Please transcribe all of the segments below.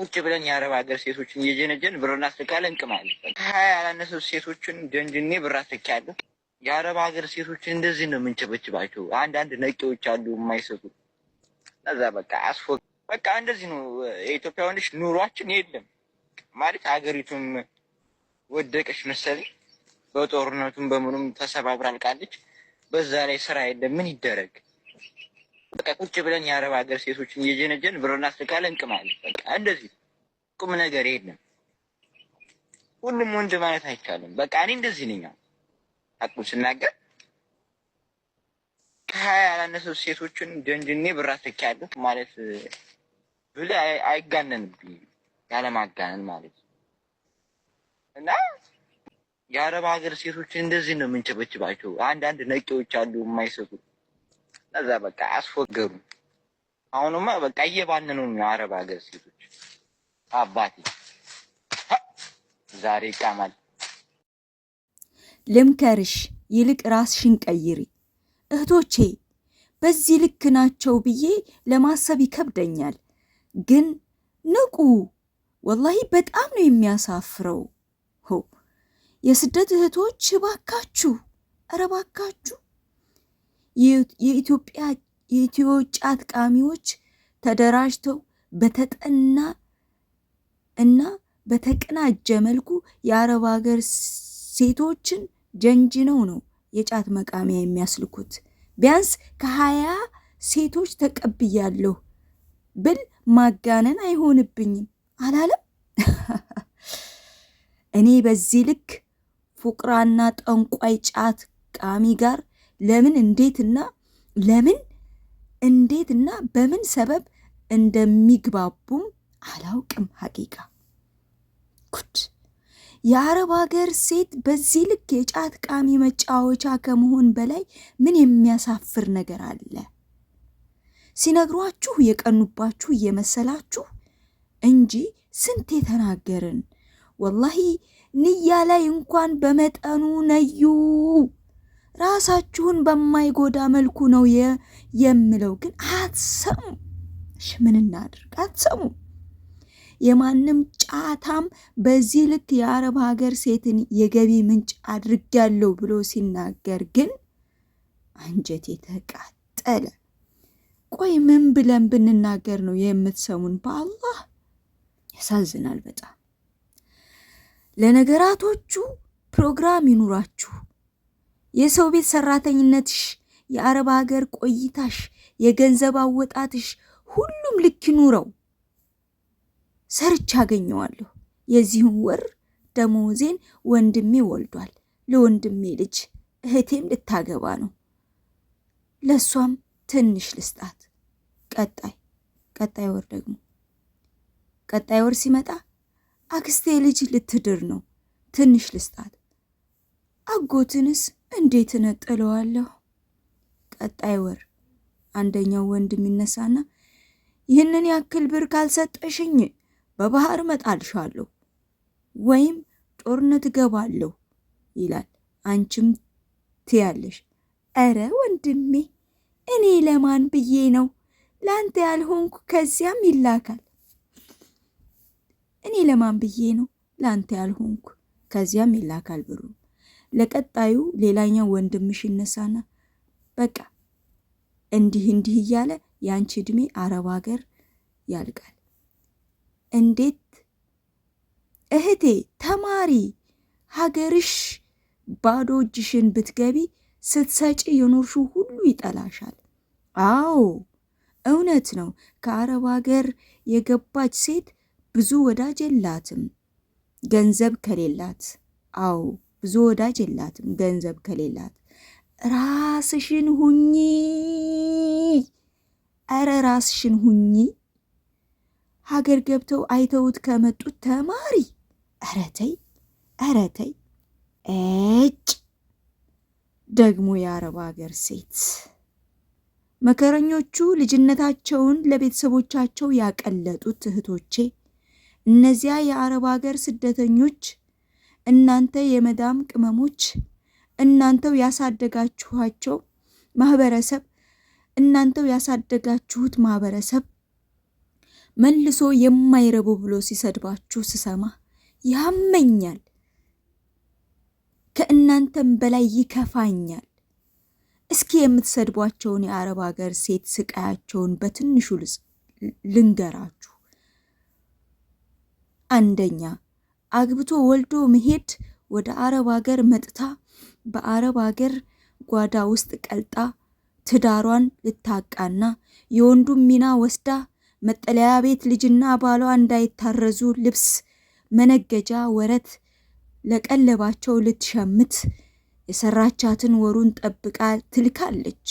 ቁጭ ብለን የአረብ ሀገር ሴቶችን እየጀነጀን ብር እናስልካለን፣ እንቅማለን። ከሀያ ያላነሱ ሴቶችን ጀንጅኔ ብር አስልካለሁ። የአረብ ሀገር ሴቶችን እንደዚህ ነው የምንችበችባቸው አንዳንድ ነቂዎች አሉ የማይሰጡ እዛ በቃ አስፎ በቃ እንደዚህ ነው የኢትዮጵያ ወንዶች ኑሯችን። የለም ማለት ሀገሪቱም ወደቀች መሰለኝ በጦርነቱም በምኑም ተሰባብራ አልቃለች። በዛ ላይ ስራ የለም ምን ይደረግ? በቃ ቁጭ ብለን የአረብ ሀገር ሴቶችን እየጀነጀን ብር እናስልካለን፣ እንቅማለን። በቃ እንደዚህ ቁም ነገር የለም። ሁሉም ወንድ ማለት አይቻልም። በቃ እኔ እንደዚህ ነኝ። አቁም ስናገር ከሀያ ያላነሱ ሴቶችን ደንድኔ ብር አስልኪያለሁ ማለት ብለ አይጋነንብኝም። ያለማጋነን ማለት እና የአረብ ሀገር ሴቶችን እንደዚህ ነው የምንቸበችባቸው። አንዳንድ ነቂዎች አሉ የማይሰጡ ከዛ በቃ አስወገሩ። አሁንማ በቃ እየባንኑ ነው አረብ ሀገር ሴቶች። አባቴ ዛሬ ይቃማል። ልምከርሽ፣ ይልቅ ራስሽን ቀይሪ። እህቶቼ በዚህ ልክ ናቸው ብዬ ለማሰብ ይከብደኛል፣ ግን ንቁ። ወላሂ በጣም ነው የሚያሳፍረው። የስደት እህቶች እባካችሁ፣ እረ እባካችሁ የኢትዮጵያ የኢትዮ ጫት ቃሚዎች ተደራጅተው በተጠና እና በተቀናጀ መልኩ የአረብ ሀገር ሴቶችን ጀንጅነው ነው የጫት መቃሚያ የሚያስልኩት። ቢያንስ ከሀያ ሴቶች ተቀብያለሁ ብል ማጋነን አይሆንብኝም አላለም። እኔ በዚህ ልክ ፉቅራና ጠንቋይ ጫት ቃሚ ጋር ለምን እንዴትና ለምን እንዴትና በምን ሰበብ እንደሚግባቡም አላውቅም። ሀቂቃ ጉድ! የአረብ ሀገር ሴት በዚህ ልክ የጫት ቃሚ መጫወቻ ከመሆን በላይ ምን የሚያሳፍር ነገር አለ? ሲነግሯችሁ የቀኑባችሁ እየመሰላችሁ እንጂ ስንት የተናገርን ወላሂ፣ ንያ ላይ እንኳን በመጠኑ ነዩ ራሳችሁን በማይጎዳ መልኩ ነው የምለው። ግን አትሰሙ። እሺ ምን እናድርግ? አትሰሙ። የማንም ጫታም በዚህ ልክ የአረብ ሀገር ሴትን የገቢ ምንጭ አድርጌያለሁ ብሎ ሲናገር ግን አንጀት የተቃጠለ ቆይ ምን ብለን ብንናገር ነው የምትሰሙን? በአላህ ያሳዝናል በጣም ለነገራቶቹ ፕሮግራም ይኑራችሁ። የሰው ቤት ሰራተኝነትሽ፣ የአረብ ሀገር ቆይታሽ፣ የገንዘብ አወጣትሽ ሁሉም ልክ ይኑረው። ሰርቻ አገኘዋለሁ። የዚህን ወር ደመወዜን ወንድሜ ወልዷል። ለወንድሜ ልጅ እህቴም ልታገባ ነው። ለእሷም ትንሽ ልስጣት። ቀጣይ ቀጣይ ወር ደግሞ ቀጣይ ወር ሲመጣ አክስቴ ልጅ ልትድር ነው። ትንሽ ልስጣት። አጎትንስ እንዴት እነጥለዋለሁ? ቀጣይ ወር አንደኛው ወንድም ይነሳና ይህንን ያክል ብር ካልሰጠሽኝ በባህር እመጣልሻለሁ ወይም ጦርነት እገባለሁ ይላል። አንቺም ትያለሽ፣ እረ ወንድሜ እኔ ለማን ብዬ ነው ለአንተ ያልሆንኩ። ከዚያም ይላካል። እኔ ለማን ብዬ ነው ለአንተ ያልሆንኩ። ከዚያም ይላካል ብሩን። ለቀጣዩ ሌላኛው ወንድምሽ ይነሳና በቃ እንዲህ እንዲህ እያለ የአንቺ እድሜ አረብ ሀገር ያልቃል። እንዴት እህቴ ተማሪ ሀገርሽ ባዶ እጅሽን ብትገቢ ስትሰጪ የኖርሹ ሁሉ ይጠላሻል። አዎ እውነት ነው። ከአረብ ሀገር የገባች ሴት ብዙ ወዳጅ የላትም ገንዘብ ከሌላት። አዎ ብዙ ወዳጅ የላትም ገንዘብ ከሌላት። ራስሽን ሁኚ፣ ኧረ ራስሽን ሁኚ። ሀገር ገብተው አይተውት ከመጡት ተማሪ። ኧረ ተይ፣ ኧረ ተይ። እጭ ደግሞ የአረብ ሀገር ሴት መከረኞቹ ልጅነታቸውን ለቤተሰቦቻቸው ያቀለጡት እህቶቼ፣ እነዚያ የአረብ ሀገር ስደተኞች እናንተ የመዳም ቅመሞች፣ እናንተው ያሳደጋችኋቸው ማህበረሰብ፣ እናንተው ያሳደጋችሁት ማህበረሰብ መልሶ የማይረቡ ብሎ ሲሰድባችሁ ስሰማ ያመኛል። ከእናንተም በላይ ይከፋኛል። እስኪ የምትሰድቧቸውን የአረብ ሀገር ሴት ስቃያቸውን በትንሹ ልንገራችሁ። አንደኛ አግብቶ ወልዶ መሄድ ወደ አረብ ሀገር መጥታ በአረብ ሀገር ጓዳ ውስጥ ቀልጣ ትዳሯን ልታቃና የወንዱን ሚና ወስዳ መጠለያ ቤት ልጅና ባሏ እንዳይታረዙ ልብስ መነገጃ ወረት ለቀለባቸው ልትሸምት የሰራቻትን ወሩን ጠብቃ ትልካለች።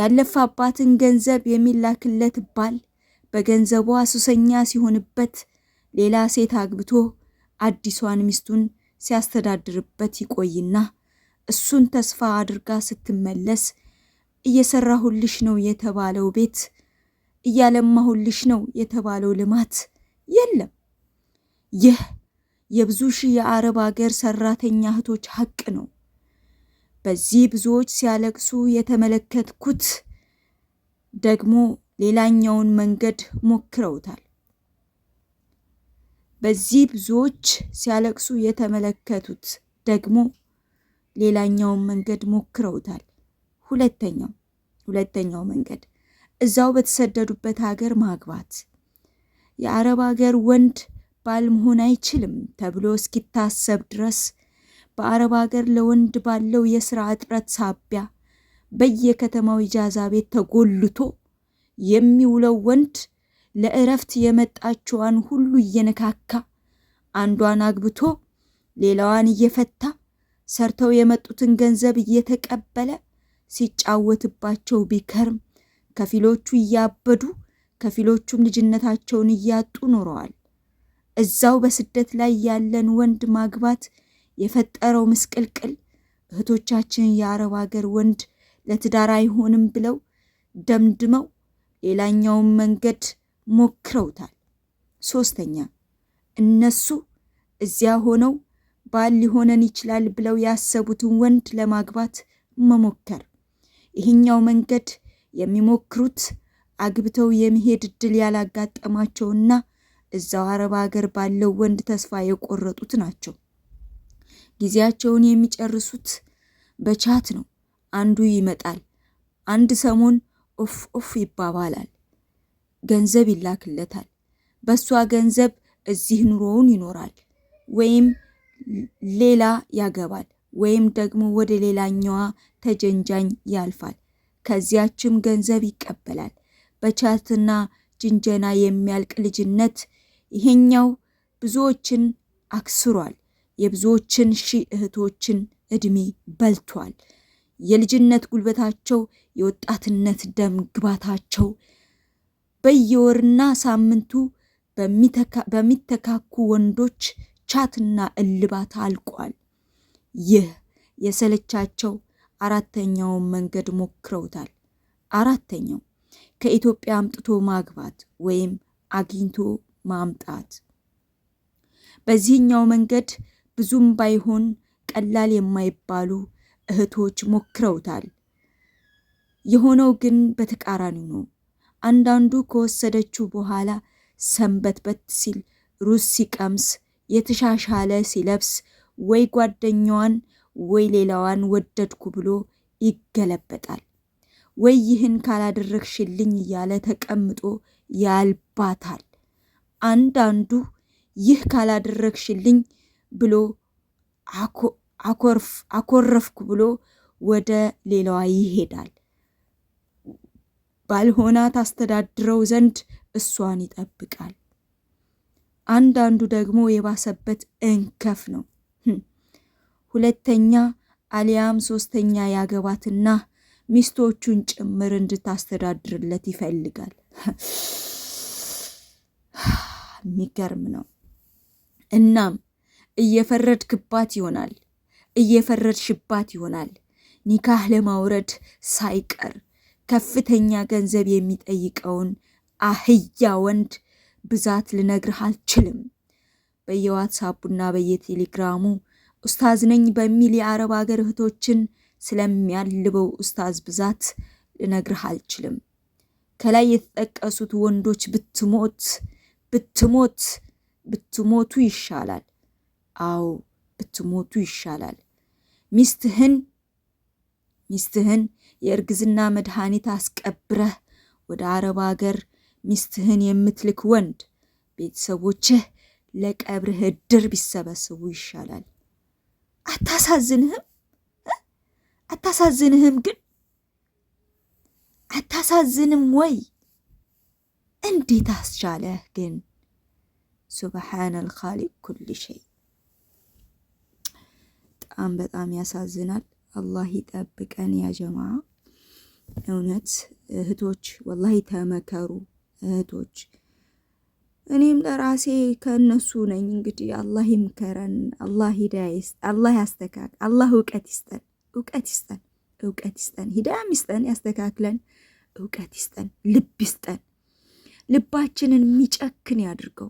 ያለፋባትን ገንዘብ የሚላክለት ባል በገንዘቧ ሱሰኛ ሲሆንበት ሌላ ሴት አግብቶ አዲሷን ሚስቱን ሲያስተዳድርበት ይቆይና እሱን ተስፋ አድርጋ ስትመለስ እየሰራሁልሽ ነው የተባለው ቤት፣ እያለማሁልሽ ነው የተባለው ልማት የለም። ይህ የብዙ ሺህ የአረብ አገር ሰራተኛ እህቶች ሀቅ ነው። በዚህ ብዙዎች ሲያለቅሱ የተመለከትኩት ደግሞ ሌላኛውን መንገድ ሞክረውታል። በዚህ ብዙዎች ሲያለቅሱ የተመለከቱት ደግሞ ሌላኛውን መንገድ ሞክረውታል። ሁለተኛው ሁለተኛው መንገድ እዛው በተሰደዱበት ሀገር ማግባት የአረብ ሀገር ወንድ ባል መሆን አይችልም ተብሎ እስኪታሰብ ድረስ በአረብ ሀገር ለወንድ ባለው የስራ እጥረት ሳቢያ በየከተማው ኢጃዛ ቤት ተጎልቶ የሚውለው ወንድ ለእረፍት የመጣችዋን ሁሉ እየነካካ አንዷን አግብቶ ሌላዋን እየፈታ ሰርተው የመጡትን ገንዘብ እየተቀበለ ሲጫወትባቸው ቢከርም ከፊሎቹ እያበዱ ከፊሎቹም ልጅነታቸውን እያጡ ኖረዋል። እዛው በስደት ላይ ያለን ወንድ ማግባት የፈጠረው ምስቅልቅል እህቶቻችን የአረብ ሀገር ወንድ ለትዳር አይሆንም ብለው ደምድመው ሌላኛውን መንገድ ሞክረውታል። ሶስተኛ እነሱ እዚያ ሆነው ባል ሊሆነን ይችላል ብለው ያሰቡትን ወንድ ለማግባት መሞከር። ይህኛው መንገድ የሚሞክሩት አግብተው የመሄድ እድል ያላጋጠማቸውና እዛው አረብ ሀገር ባለው ወንድ ተስፋ የቆረጡት ናቸው። ጊዜያቸውን የሚጨርሱት በቻት ነው። አንዱ ይመጣል፣ አንድ ሰሞን ኡፍ ኡፍ ይባባላል። ገንዘብ ይላክለታል። በእሷ ገንዘብ እዚህ ኑሮውን ይኖራል፣ ወይም ሌላ ያገባል፣ ወይም ደግሞ ወደ ሌላኛዋ ተጀንጃኝ ያልፋል። ከዚያችም ገንዘብ ይቀበላል። በቻትና ጅንጀና የሚያልቅ ልጅነት ይሄኛው ብዙዎችን አክስሯል። የብዙዎችን ሺህ እህቶችን እድሜ በልቷል። የልጅነት ጉልበታቸው፣ የወጣትነት ደም ግባታቸው በየወርና ሳምንቱ በሚተካኩ ወንዶች ቻትና እልባት አልቋል። ይህ የሰለቻቸው አራተኛውን መንገድ ሞክረውታል። አራተኛው ከኢትዮጵያ አምጥቶ ማግባት ወይም አግኝቶ ማምጣት። በዚህኛው መንገድ ብዙም ባይሆን ቀላል የማይባሉ እህቶች ሞክረውታል። የሆነው ግን በተቃራኒው ነው። አንዳንዱ ከወሰደችው በኋላ ሰንበትበት ሲል ሩዝ ሲቀምስ፣ የተሻሻለ ሲለብስ ወይ ጓደኛዋን ወይ ሌላዋን ወደድኩ ብሎ ይገለበጣል። ወይ ይህን ካላደረግሽልኝ እያለ ተቀምጦ ያልባታል። አንዳንዱ ይህ ካላደረግሽልኝ ብሎ አኮረፍኩ ብሎ ወደ ሌላዋ ይሄዳል። ባልሆና ታስተዳድረው ዘንድ እሷን ይጠብቃል። አንዳንዱ ደግሞ የባሰበት እንከፍ ነው። hm። ሁለተኛ አሊያም ሶስተኛ ያገባትና ሚስቶቹን ጭምር እንድታስተዳድርለት ይፈልጋል። hm። የሚገርም ነው። እናም እየፈረድክባት ይሆናል፣ እየፈረድሽባት ይሆናል ኒካህ ለማውረድ ሳይቀር ከፍተኛ ገንዘብ የሚጠይቀውን አህያ ወንድ ብዛት ልነግርህ አልችልም። በየዋትሳፑና በየቴሌግራሙ ኡስታዝ ነኝ በሚል የአረብ ሀገር እህቶችን ስለሚያልበው ኡስታዝ ብዛት ልነግርህ አልችልም። ከላይ የተጠቀሱት ወንዶች ብትሞት ብትሞት ብትሞቱ ይሻላል። አዎ ብትሞቱ ይሻላል። ሚስትህን ሚስትህን የእርግዝና መድኃኒት አስቀብረህ ወደ አረብ አገር ሚስትህን የምትልክ ወንድ ቤተሰቦችህ ለቀብርህ እድር ቢሰበስቡ ይሻላል። አታሳዝንህም? አታሳዝንህም? ግን አታሳዝንም ወይ? እንዴት አስቻለህ ግን? ሱብሓን ኻሊቅ ኩል ሸይ። በጣም በጣም ያሳዝናል። አላህ ይጠብቀን ጀማዓ። እውነት እህቶች ወላሂ ተመከሩ እህቶች። እኔም ለራሴ ከእነሱ ነኝ። እንግዲህ አላህ ይምከረን፣ አላህ ሂዳያ ይስጥ፣ አላህ ያስተካክል፣ አላህ እውቀት ይስጠን፣ እውቀት ይስጠን፣ እውቀት ይስጠን፣ ሂዳያም ይስጠን፣ ያስተካክለን፣ እውቀት ይስጠን፣ ልብ ይስጠን፣ ልባችንን የሚጨክን ያድርገው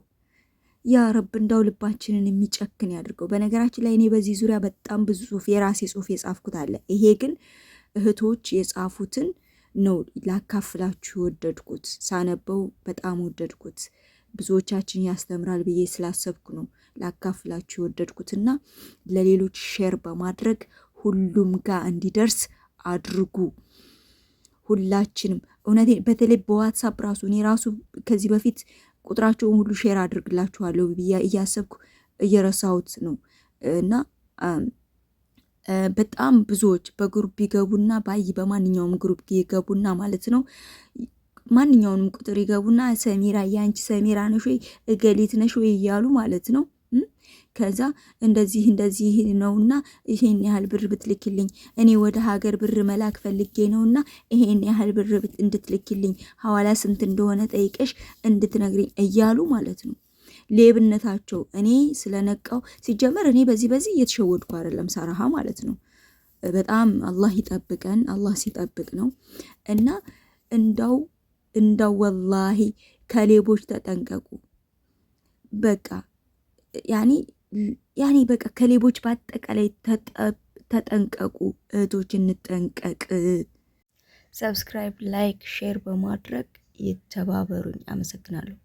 ያ ረብ። እንዳው ልባችንን የሚጨክን ያድርገው። በነገራችን ላይ እኔ በዚህ ዙሪያ በጣም ብዙ ጽሁፍ የራሴ ጽሁፍ የጻፍኩት አለ። ይሄ ግን እህቶች የጻፉትን ነው ላካፍላችሁ ወደድኩት። ሳነበው በጣም ወደድኩት። ብዙዎቻችን ያስተምራል ብዬ ስላሰብኩ ነው ላካፍላችሁ ወደድኩትና ለሌሎች ሼር በማድረግ ሁሉም ጋር እንዲደርስ አድርጉ። ሁላችንም እውነቴ በተለይ በዋትሳፕ ራሱ እኔ ራሱ ከዚህ በፊት ቁጥራቸውን ሁሉ ሼር አድርግላችኋለሁ ብዬ እያሰብኩ እየረሳሁት ነው እና በጣም ብዙዎች በግሩፕ ይገቡና ባይ በማንኛውም ግሩፕ ይገቡና ማለት ነው ማንኛውንም ቁጥር ይገቡና ሰሜራ የአንቺ ሰሜራ ነሽ ወይ እገሊት ነሽ ወይ እያሉ ማለት ነው። ከዛ እንደዚህ እንደዚህ ነውና ይሄን ያህል ብር ብትልክልኝ እኔ ወደ ሀገር ብር መላክ ፈልጌ ነውና ይሄን ያህል ብር እንድትልክልኝ ሐዋላ ስንት እንደሆነ ጠይቀሽ እንድትነግሪኝ እያሉ ማለት ነው። ሌብነታቸው እኔ ስለነቃው ሲጀመር እኔ በዚህ በዚህ እየተሸወድኩ አይደለም፣ ሰራሃ ማለት ነው። በጣም አላህ ይጠብቀን። አላህ ሲጠብቅ ነው እና እንዳው እንዳው ወላሂ ከሌቦች ተጠንቀቁ። በቃ ያኔ ያኔ በቃ ከሌቦች በአጠቃላይ ተጠንቀቁ። እህቶች እንጠንቀቅ። ሰብስክራይብ፣ ላይክ፣ ሼር በማድረግ የተባበሩኝ። አመሰግናለሁ።